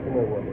Como bueno.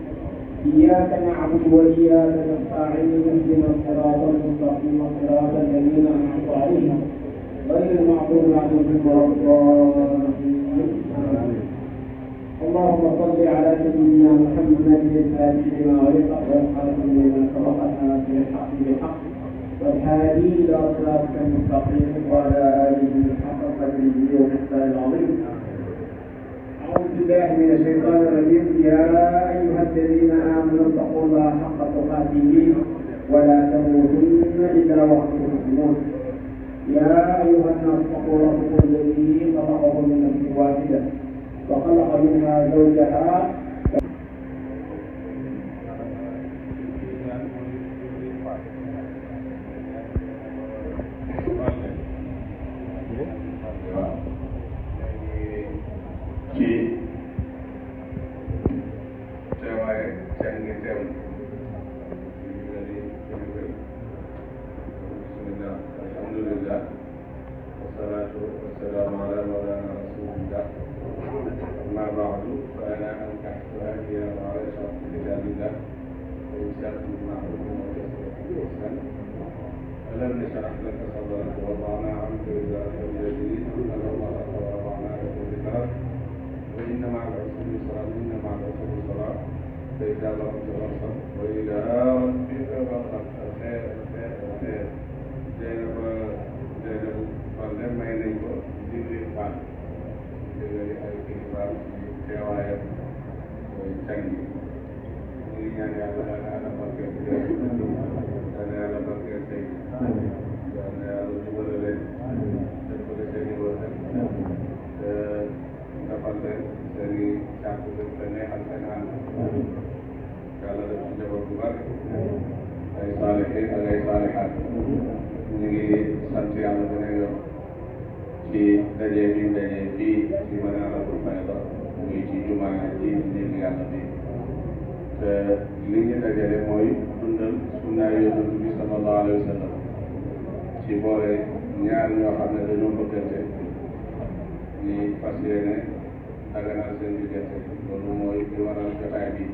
إياك نعبد وإياك نستعين اهدنا الصراط المستقيم صراط الذين أنعمت عليهم غير المغضوب عليهم ولا الضالين اللهم صل على سيدنا محمد الفاتح لما غلق والخلق لما سبق في الحق بالحق والهادي إلى صراطك المستقيم وعلى آله حق قدره ومقداره العظيم أعوذ بالله من الشيطان الرجيم يا أيها الذين آمنوا اتقوا الله حق تقاته ولا تموتن إلا وأنتم مسلمون يا أيها الناس اتقوا ربكم الذي خلقكم من نفس واحدة وخلق منها زوجها ألم نشرح لك صدرك ووضعنا عنك وزرك الجديد أن وضعك ووضعنا لك ذكرك فإن مع العسر يسرا إن مع العسر يسرا فإذا ضربت فارصد وإلى ربك فارصد الخير الخير الخير زينب زينب Fane may nañ ko Jibril Fall dëgg ay kilifaam ci teewaayam mooy càng yi ñu ngi ñaan yàlla daal na yàlla barkeel tey yal na yàlla jubale leen def ko seen i wërsëg te defal leen seen i càkk bi te neexal seen ànd yàlla def ci njaboot bu bari ay saalixiin ak ay saalixaat ñu ngi sant yàlla beneen yoon ci daje bi daje fii ci Madinatul Baydâ muy ci jumaa ci néeg yàlla bi te li ñu dajale mooy dundal sunnaay yonent bi sallallahu alayhi wa sallam ci boole ñaar ñoo xam ne dañoo bëggante ni fas yéene daganal seen diggante loolu mooy li waral jotaay bi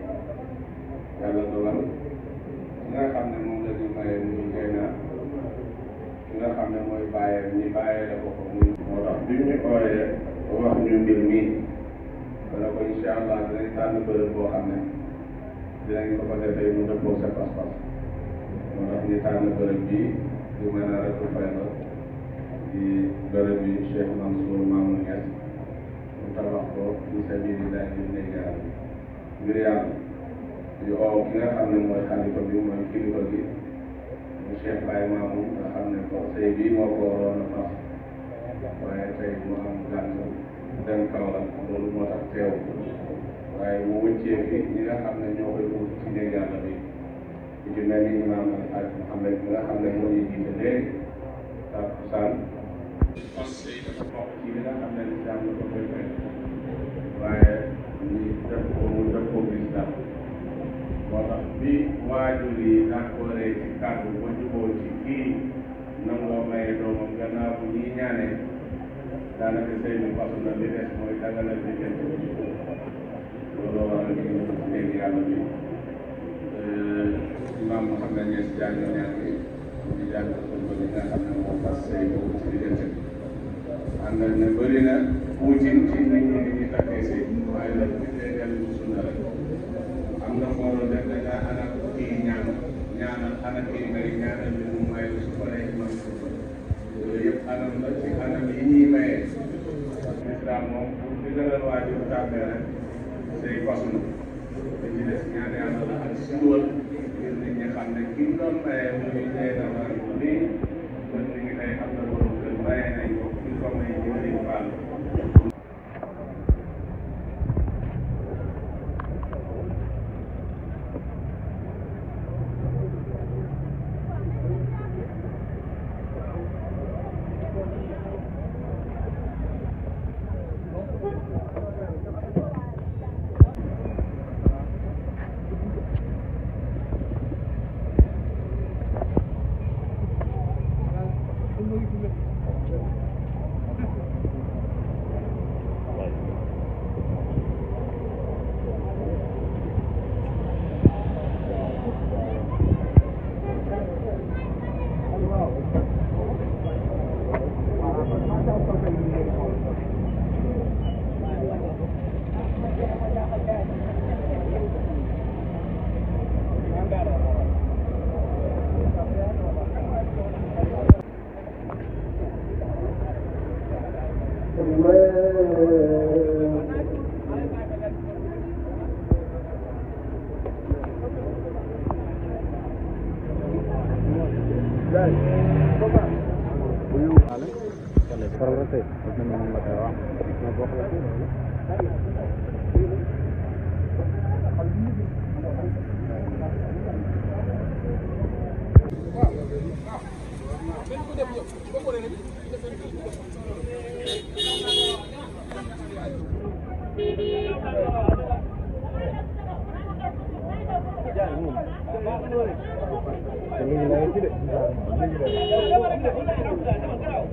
yàlla dogal ki nga xam ne moom la ñu maye muy ngay na ki nga xam ne mooy bàyyee ñi bàyyee la ko ko muy moo tax bi ñu ooyee wax ñu mbir mii dana ko incha allah dinañ tànn bërëb boo xam ne dinañ ko ko defee mu dëppoo sa pas-pas moo tax ñu tànn bërëb bii di mën a rëkk fayda di bërëb bi Cheikh Mansour Mamoun Niass mu tabax ko ci sa biir daal di nekk yàlla ngir yàlla yu ow ki nga ne mooy xalifa bi mooy kilifa bi mu Cheikh Baye Mamoun nga xam ne conseil bii moo ko waroon a fas waaye tey mu am gàncax dem kaw la loolu moo tax teew waaye mu wëccee fi ñi nga xam ne ñoo koy wut ci néeg yàlla bi ku ci mel ni imaam alxaaj Muhammad bi nga xam ne moo ñu jiite léegi takkusaan dafa bokk ci li nga xam ne lislaam la ko koy fay waaye ñu def ko mu def ko lislaam moo tax bi waajur yi d'accooree ci kàddu ba juboo ci kii nangoo maye doomam gannaaw bu ñuy ñaanee daanaka sëy bi fas na li des mooy daganal diggante looloo waral ñu dégg yàlla bi imam Mouhamed Niass jàng ñaar bi ñu jàng ko li nga xam ne moo fas say boobu ci diggante bi ànd na ne bëri na wuutin ci nit ñi ni ñu takkee si waaye nag nit day dellu ci sunna rek am na foo doon def dañ laa ana kii ñaan ñaanal ana kii may ñaanal bi mu may su paree imam loolu yëpp anam la ci anam yi ñuy mayee islam moom pour di dalal waajur tàbbee rek day façon dañuy des ñaari àll ak simbol ngir nit ñi xam ne ki doon maye muy ñee dafa nii sarwate na naman matawa. Nabuha ko ito.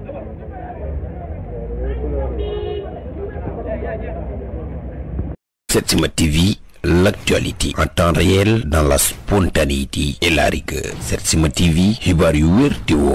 Thank you. Setsima TV, l'actualité en temps réel dans la spontanéité et la rigueur. yu wér